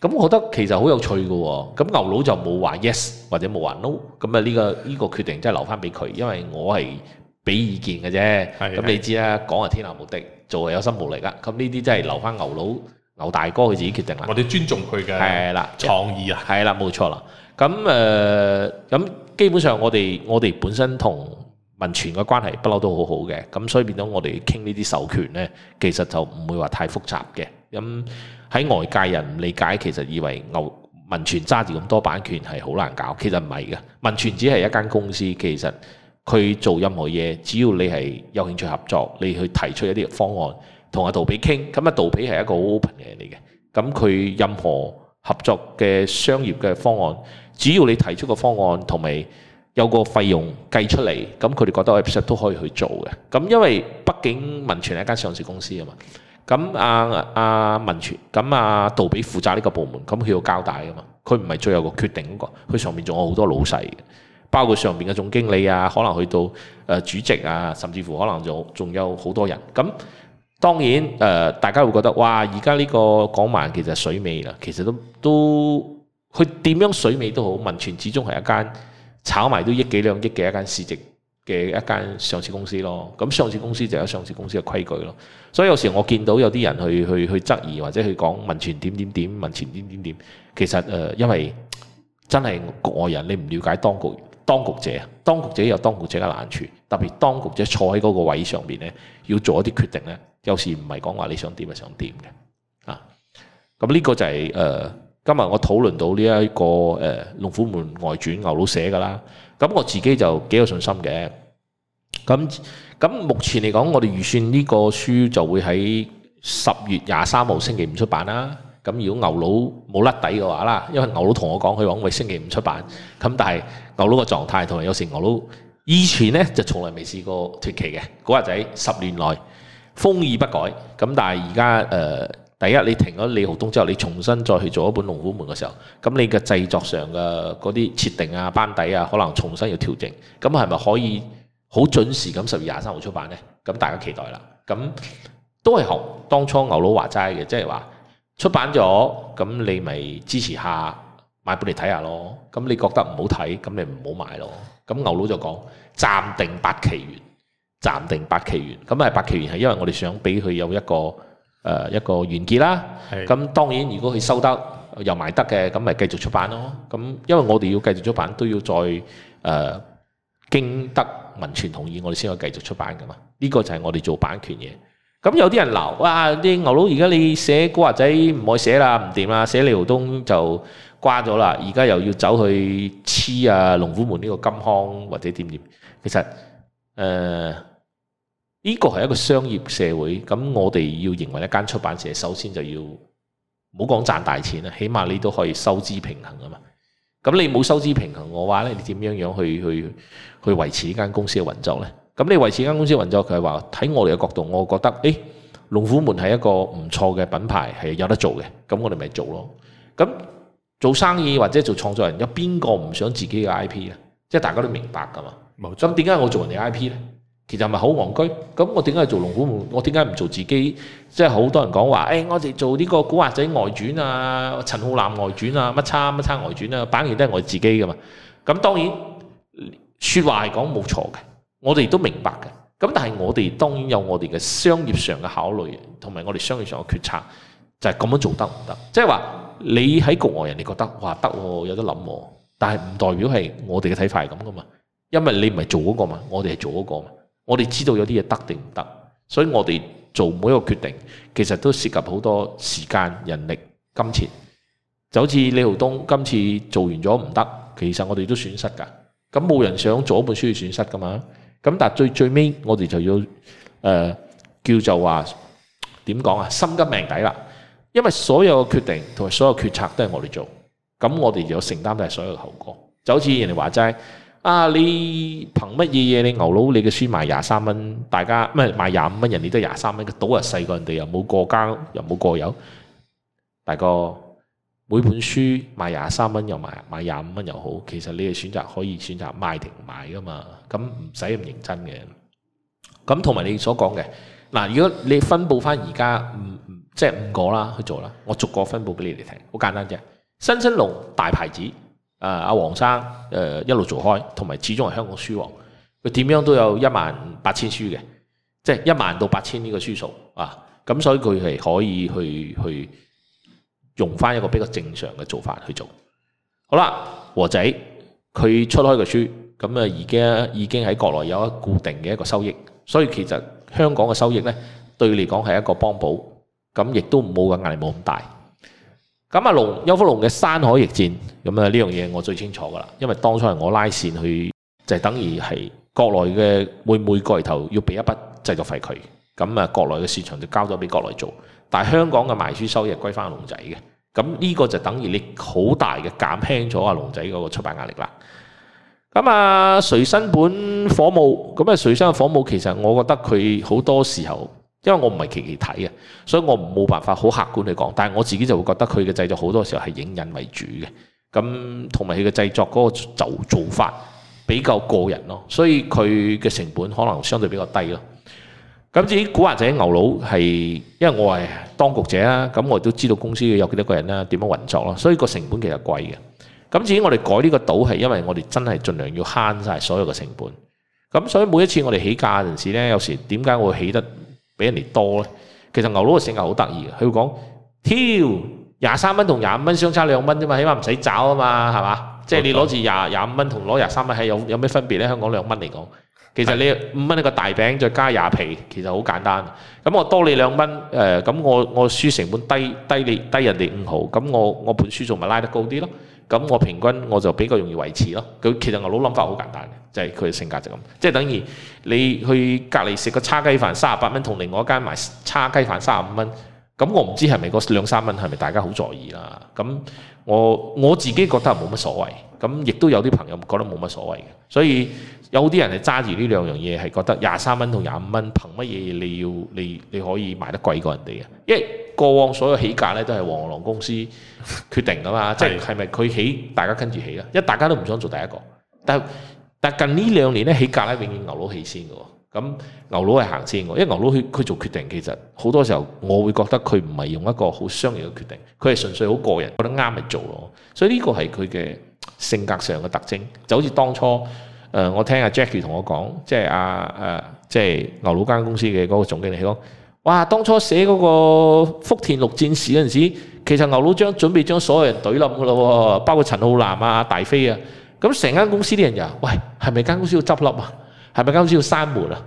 咁我覺得其實好有趣嘅喎。咁牛佬就冇話 yes 或者冇話 no、這個。咁啊呢個呢個決定真係留翻俾佢，因為我係。俾意見嘅啫，咁是的 你知啦，講係天下無敵，做係有心無力噶。咁呢啲真係留翻牛佬、是的 牛大哥佢自己決定啦。我哋尊重佢嘅，係啦，創意啊，係啦，冇錯啦。咁誒，咁、呃、基本上我哋我哋本身同文傳嘅關係不嬲都好好嘅，咁所以變咗我哋傾呢啲授權呢，其實就唔會話太複雜嘅。咁喺外界人唔理解，其實以為牛文傳揸住咁多版權，係好難搞，其實唔係嘅。文傳只係一間公司，其實。佢做任何嘢，只要你係有興趣合作，你去提出一啲方案，同阿杜比傾，咁阿杜比係一個 open 嘅人嚟嘅。咁佢任何合作嘅商業嘅方案，只要你提出個方案同埋有個費用計出嚟，咁佢哋覺得其實都可以去做嘅。咁因為畢竟文傳係一間上市公司啊嘛，咁阿阿文傳，咁阿、啊、杜比負責呢個部門，咁佢要交代噶嘛，佢唔係最後個決定個，佢上面仲有好多老細包括上面嘅總經理啊，可能去到誒主席啊，甚至乎可能仲仲有好多人。咁當然誒、呃，大家會覺得哇，而家呢個講埋其實水尾啦。其實都都，佢點樣水尾都好，文傳始終係一間炒埋都億幾兩億嘅一間市值嘅一間上市公司咯。咁上，上市公司就有上市公司嘅規矩咯。所以有時我見到有啲人去去去，去質疑或者去講文傳點點點，文傳點點點，其實誒、呃，因為真係國外人，你唔了解當局。當局者，當局者有當局者嘅難處，特別當局者坐喺嗰個位上面呢，要做一啲決定呢，有時唔係講話你想點就想點嘅啊。咁、這、呢個就係、是、誒、呃、今日我討論到呢、這、一個誒《龍、呃、虎門外傳》，牛佬寫嘅啦。咁、嗯、我自己就幾有信心嘅。咁、嗯、咁、嗯嗯、目前嚟講，我哋預算呢個書就會喺十月廿三號星期五出版啦。咁如果牛佬冇甩底嘅話啦，因為牛佬同我講佢話會星期五出版。咁但係牛佬嘅狀態同埋有時牛佬以前呢，就從來未試過脫期嘅。嗰日仔十年內風雨不改。咁但係而家誒，第一你停咗李浩東之後，你重新再去做一本《龍虎門》嘅時候，咁你嘅製作上嘅嗰啲設定啊、班底啊，可能重新要調整。咁係咪可以好準時咁十月廿三號出版呢？咁大家期待啦。咁都係學當初牛佬話齋嘅，即係話。出版咗，咁你咪支持下，買本嚟睇下咯。咁你覺得唔好睇，咁你唔好買咯。咁牛佬就講暫定八期完，暫定八期完。咁啊，八期完係因為我哋想俾佢有一個誒、呃、一個完結啦。咁是的 當然，如果佢收得又賣得嘅，咁咪繼續出版咯。咁因為我哋要繼續出版，都要再誒、呃、經得文傳同意，我哋先可以繼續出版噶嘛。呢、這個就係我哋做版權嘢。咁有啲人鬧啊，啲牛佬而家你寫古惑仔唔愛寫啦，唔掂啦，寫李浩東就瓜咗啦，而家又要走去黐啊，龍虎門呢個金康或者點點，其實誒呢個係一個商業社會，咁我哋要認為一間出版社首先就要唔好講賺大錢啦，起碼你都可以收支平衡啊嘛。咁你冇收支平衡嘅話呢，你點樣樣去去去維持呢間公司嘅運作呢？咁你維持間公司運作，佢係話睇我哋嘅角度，我覺得，誒、欸，龍虎門係一個唔錯嘅品牌，係有得做嘅，咁我哋咪做咯。咁做生意或者做創作人，有邊個唔想自己嘅 I P 咧？即係大家都明白噶嘛。冇錯。咁點解我做人哋 I P 呢？其實係咪好戇居？咁我點解做龍虎門？我點解唔做自己？即係好多人講話，誒、欸，我哋做呢個古惑仔外傳啊，陳浩南外傳啊，乜叉乜叉外傳啊，反而都係我自己噶嘛。咁當然説話係講冇錯嘅。我哋都明白嘅，咁但係我哋當然有我哋嘅商業上嘅考慮，同埋我哋商業上嘅決策就係咁樣做得唔得，即係話你喺局外人哋覺得話得喎，有得諗喎，但係唔代表係我哋嘅睇法係咁噶嘛，因為你唔係做嗰個嘛，我哋係做嗰個嘛，我哋知道有啲嘢得定唔得，所以我哋做每一個決定其實都涉及好多時間、人力、金錢，就好似李浩東今次做完咗唔得，其實我哋都損失噶，咁冇人想做一本書要損失噶嘛。咁但最最尾，我哋就要、呃、叫做話點講啊？心跟命抵啦，因為所有嘅決定同埋所有決策都係我哋做的，咁我哋就有承擔曬所有後果。就好似人哋話齋啊，你憑乜嘢嘢？你牛佬你嘅書賣廿三蚊，大家唔係賣廿五蚊，人哋都廿三蚊，個賭又細過人哋，又冇過交，又冇過油，大哥。每本書賣廿三蚊又賣，賣廿五蚊又好，其實你哋選擇可以選擇賣停買㗎嘛，咁唔使咁認真嘅。咁同埋你所講嘅，嗱，如果你分布翻而家五，即、嗯、係、就是、五個啦去做啦，我逐個分布俾你哋聽，好簡單啫。新新龍大牌子，誒阿黃生誒、啊、一路做開，同埋始終係香港書王，佢點樣都有一萬八千書嘅，即係一萬到八千呢個書數啊，咁所以佢係可以去去。用翻一個比較正常嘅做法去做，好啦，和仔佢出開嘅書，咁啊已經已經喺國內有一固定嘅一個收益，所以其實香港嘅收益咧對佢嚟講係一個幫補，咁亦都冇咁壓力冇咁大。咁啊龍邱福龍嘅山海逆戰，咁啊呢樣嘢我最清楚噶啦，因為當初係我拉線去，就係、等於係國內嘅會每，每個月頭要俾一筆製作費佢，咁啊國內嘅市場就交咗俾國內做，但係香港嘅賣書收益歸翻個龍仔嘅。咁呢個就等於你好大嘅減輕咗阿龍仔嗰個出版壓力啦。咁啊，隨身本火舞，咁啊隨身火舞其實我覺得佢好多時候，因為我唔係期期睇嘅，所以我冇辦法好客觀去講。但係我自己就會覺得佢嘅製作好多時候係影印為主嘅，咁同埋佢嘅製作嗰個就做法比較個人咯，所以佢嘅成本可能相對比較低咯。咁至於古惑仔牛佬係，因為我係當局者啦。咁我都知道公司有幾多個人啦，點樣運作咯，所以個成本其實貴嘅。咁至於我哋改呢個島係，因為我哋真係盡量要慳晒所有嘅成本。咁所以每一次我哋起價嗰陣時呢，有時點解會起得比人哋多呢？其實牛佬嘅性格好得意嘅，佢會講：挑廿三蚊同廿五蚊相差兩蚊啫嘛，起碼唔使找啊嘛，係嘛、嗯？即係你攞住廿廿五蚊同攞廿三蚊係有有咩分別呢？香港兩蚊嚟講。其實你五蚊一個大餅再加廿皮，其實好簡單。咁我多你兩蚊，誒、呃，咁我我輸成本低低你低人哋五毫，咁我我本書仲咪拉得高啲咯？咁我平均我就比較容易維持咯。佢其實我老諗法好簡單嘅，就係佢嘅性格就咁，即係等於你去隔籬食個叉雞飯三十八蚊，同另外一間賣叉雞飯三十五蚊，咁我唔知係咪嗰兩三蚊係咪大家好在意啦？咁我我自己覺得冇乜所謂，咁亦都有啲朋友覺得冇乜所謂嘅，所以。有啲人係揸住呢兩樣嘢，係覺得廿三蚊同廿五蚊，憑乜嘢你要你你可以賣得貴過人哋啊？因為過往所有起價咧都係黃龍公司決定噶嘛，即係係咪佢起，大家跟住起啦？因為大家都唔想做第一個，但係但係近呢兩年咧起價咧永遠牛佬起先嘅，咁牛佬係行先嘅，因為牛佬佢佢做決定，其實好多時候我會覺得佢唔係用一個好商業嘅決定，佢係純粹好個人覺得啱咪做咯，所以呢個係佢嘅性格上嘅特徵，就好似當初。誒、呃，我聽阿 Jackie 同我講，即係阿誒，即係牛佬間公司嘅嗰個總經理講，哇！當初寫嗰個福田六戰士嗰陣時，其實牛佬將準備將所有人懟冧噶咯，包括陳浩南啊、大飛啊，咁成間公司啲人又，喂，係咪間公司要執笠啊？係咪間公司要閂門啊？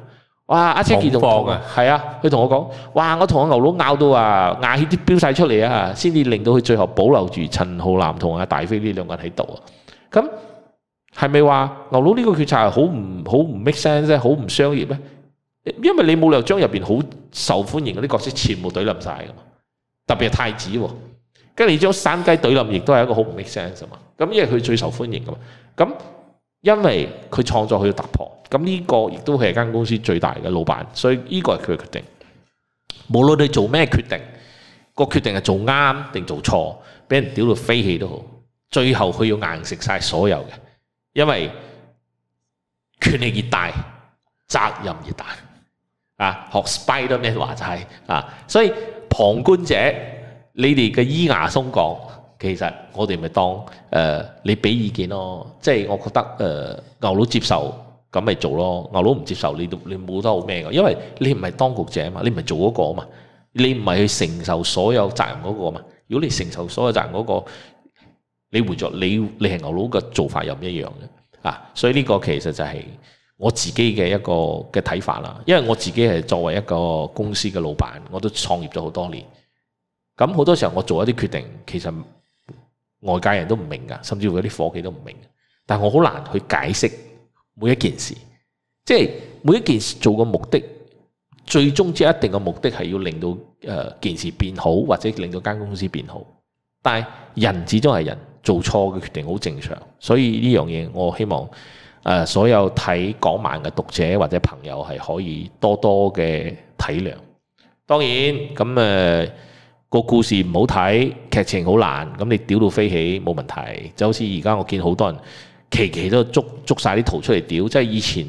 哇！阿 Jackie 仲講啊！係啊，佢、啊啊、同、啊啊、我講，哇！我同阿牛佬咬到啊，牙血啲飆晒出嚟啊，先至令到佢最後保留住陳浩南同阿大飛呢兩個人喺度啊，咁。係咪話牛佬呢個決策係好唔好唔 make sense 好唔商業咧？因為你冇理由將入邊好受歡迎嗰啲角色全部懟冧晒噶嘛，特別係太子啊，跟住你將山雞懟冧，亦都係一個好唔 make sense 啊嘛。咁因為佢最受歡迎噶嘛，咁因為佢創作佢要突破，咁呢個亦都係間公司最大嘅老闆，所以呢個係佢嘅決定。無論你做咩決定，個決定係做啱定做錯，俾人屌到飛起都好，最後佢要硬食晒所有嘅。因為權力越大，責任越大。啊，學 Spiderman 話就係啊，所以旁觀者，你哋嘅依牙鬆講，其實我哋咪當誒、呃，你俾意見咯，即係我覺得誒、呃，牛佬接受咁咪做咯，牛佬唔接受你，你冇得好咩噶，因為你唔係當局者啊嘛，你唔係做嗰個啊嘛，你唔係去承受所有責任嗰個啊嘛，如果你承受所有責任嗰、那個。你活著，你你係牛佬嘅做法又唔一樣嘅啊！所以呢個其實就係我自己嘅一個嘅睇法啦。因為我自己係作為一個公司嘅老闆，我都創業咗好多年。咁好多時候我做一啲決定，其實外界人都唔明噶，甚至乎有啲伙計都唔明。但我好難去解釋每一件事，即係每一件事做嘅目的，最終即係一定嘅目的係要令到誒、呃、件事變好，或者令到間公司變好。但係人始終係人。做錯嘅決定好正常，所以呢樣嘢我希望誒、呃、所有睇港漫嘅讀者或者朋友係可以多多嘅體諒。當然咁誒個故事唔好睇，劇情好爛，咁你屌到飛起冇問題。就好似而家我見好多人，期期都捉捉曬啲圖出嚟屌。即係以前，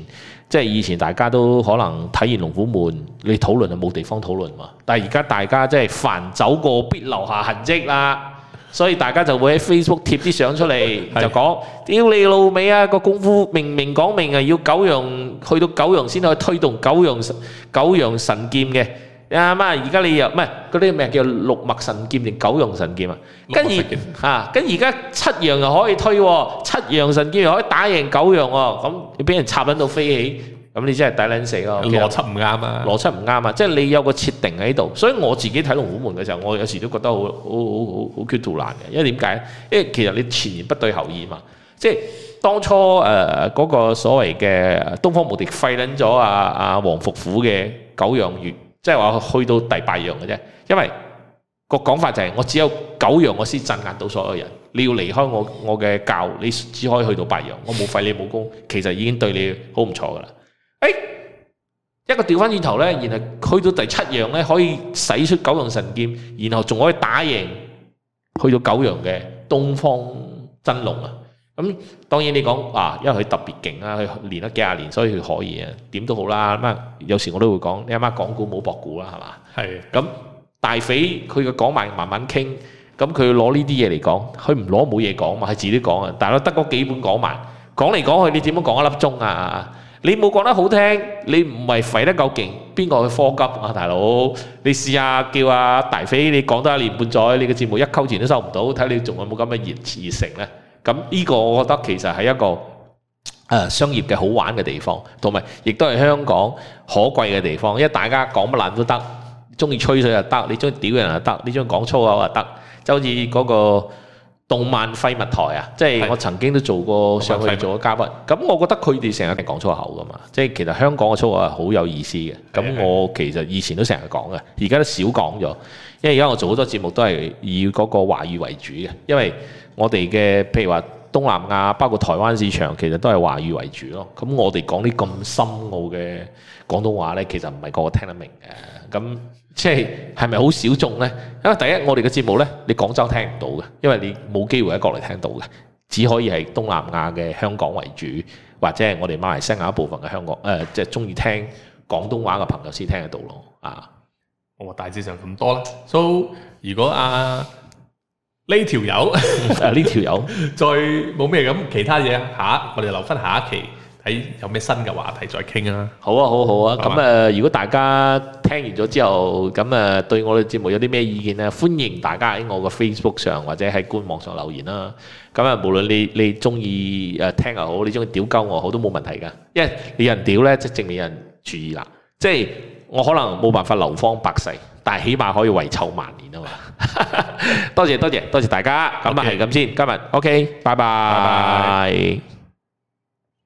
即係以前大家都可能睇完《龍虎門》，你討論就冇地方討論嘛。但係而家大家即係凡走過必留下痕跡啦。所以大家就會喺 Facebook 貼啲相出嚟， [laughs] 是的 就講：屌你老味啊！個功夫明明講明啊，要九陽去到九陽先可以推動九陽神九陽神劍嘅。啊媽！而家你又唔係嗰啲咩叫六脈神劍定九陽神劍啊？跟住，嚇，跟而家七陽又可以推喎，七陽神劍又可以打贏九陽喎。咁、啊、俾人插撚到飛起。咁你真係抵撚死咯、哦！邏輯唔啱啊，邏輯唔啱啊！即、就、係、是、你有個設定喺度，所以我自己睇龍虎門嘅時候，我有時都覺得好好好好好棘難嘅。因為點解？因為其實你前言不對後語嘛。即、就、係、是、當初誒嗰、呃那個所謂嘅東方無敵廢撚咗啊啊黃福虎嘅九陽月，即係話去到第八陽嘅啫。因為個講法就係、是、我只有九陽我先鎮壓到所有人。你要離開我我嘅教，你只可以去到八陽。我冇廢你武功，其實已經對你好唔錯噶啦。誒，一個調翻轉頭呢，然後去到第七樣呢，可以使出九陽神劍，然後仲可以打贏去到九陽嘅東方真龍啊！咁當然你講啊，因為佢特別勁啦，佢練咗幾廿年，所以佢可以啊。點都好啦，咁啊有時我都會講，你阿媽講古冇博古啦，係嘛？係。咁大匪佢嘅講埋慢慢傾，咁佢攞呢啲嘢嚟講，佢唔攞冇嘢講嘛，係自己講啊。但係得嗰幾本講埋，講嚟講去，你點樣講一粒鐘啊？你冇講得好聽，你唔係吠得夠勁，邊個去苛急啊，大佬？你試下叫阿大飛，你講多一年半載，你嘅節目一溝錢都收唔到，睇你仲有冇咁嘅熱熱誠呢？咁呢個我覺得其實係一個誒商業嘅好玩嘅地方，同埋亦都係香港可貴嘅地方，因為大家講乜撚都得，中意吹水又得，你中意屌人又得，你中意講粗口又得，就好似嗰個。動漫廢物台啊，即係我曾經都做過，上去做過嘉賓。咁我覺得佢哋成日係講粗口噶嘛，即係其實香港嘅粗口係好有意思嘅。咁我其實以前都成日講嘅，而家都少講咗，因為而家我做好多節目都係以嗰個華語為主嘅，因為我哋嘅譬如話東南亞，包括台灣市場，其實都係華語為主咯。咁我哋講啲咁深奧嘅廣東話呢，其實唔係個個聽得明嘅。咁即係係咪好小眾呢？因為第一我哋嘅節目呢，你廣州聽唔到嘅，因為你冇機會喺國內聽到嘅，只可以係東南亞嘅香港為主，或者係我哋馬來西亞一部分嘅香港誒、呃，即係中意聽廣東話嘅朋友先聽得到咯啊！我、哦、大致上咁多啦。So 如果阿呢條友誒，呢條友再冇咩咁其他嘢，下我哋留翻下一期。喺有咩新嘅話題再傾啊！好啊，好好啊！咁啊，如果大家聽完咗之後，咁啊對我哋節目有啲咩意見咧？歡迎大家喺我個 Facebook 上或者喺官網上留言啦！咁啊，無論你你中意誒聽又好，你中意屌鳩我好都冇問題噶，因為你人屌咧，即係證明人注意啦！即係我可能冇辦法流芳百世，但係起碼可以遺臭萬年啊嘛！ [laughs] 多謝多謝多謝大家！咁啊，係咁先，今日 OK，拜拜。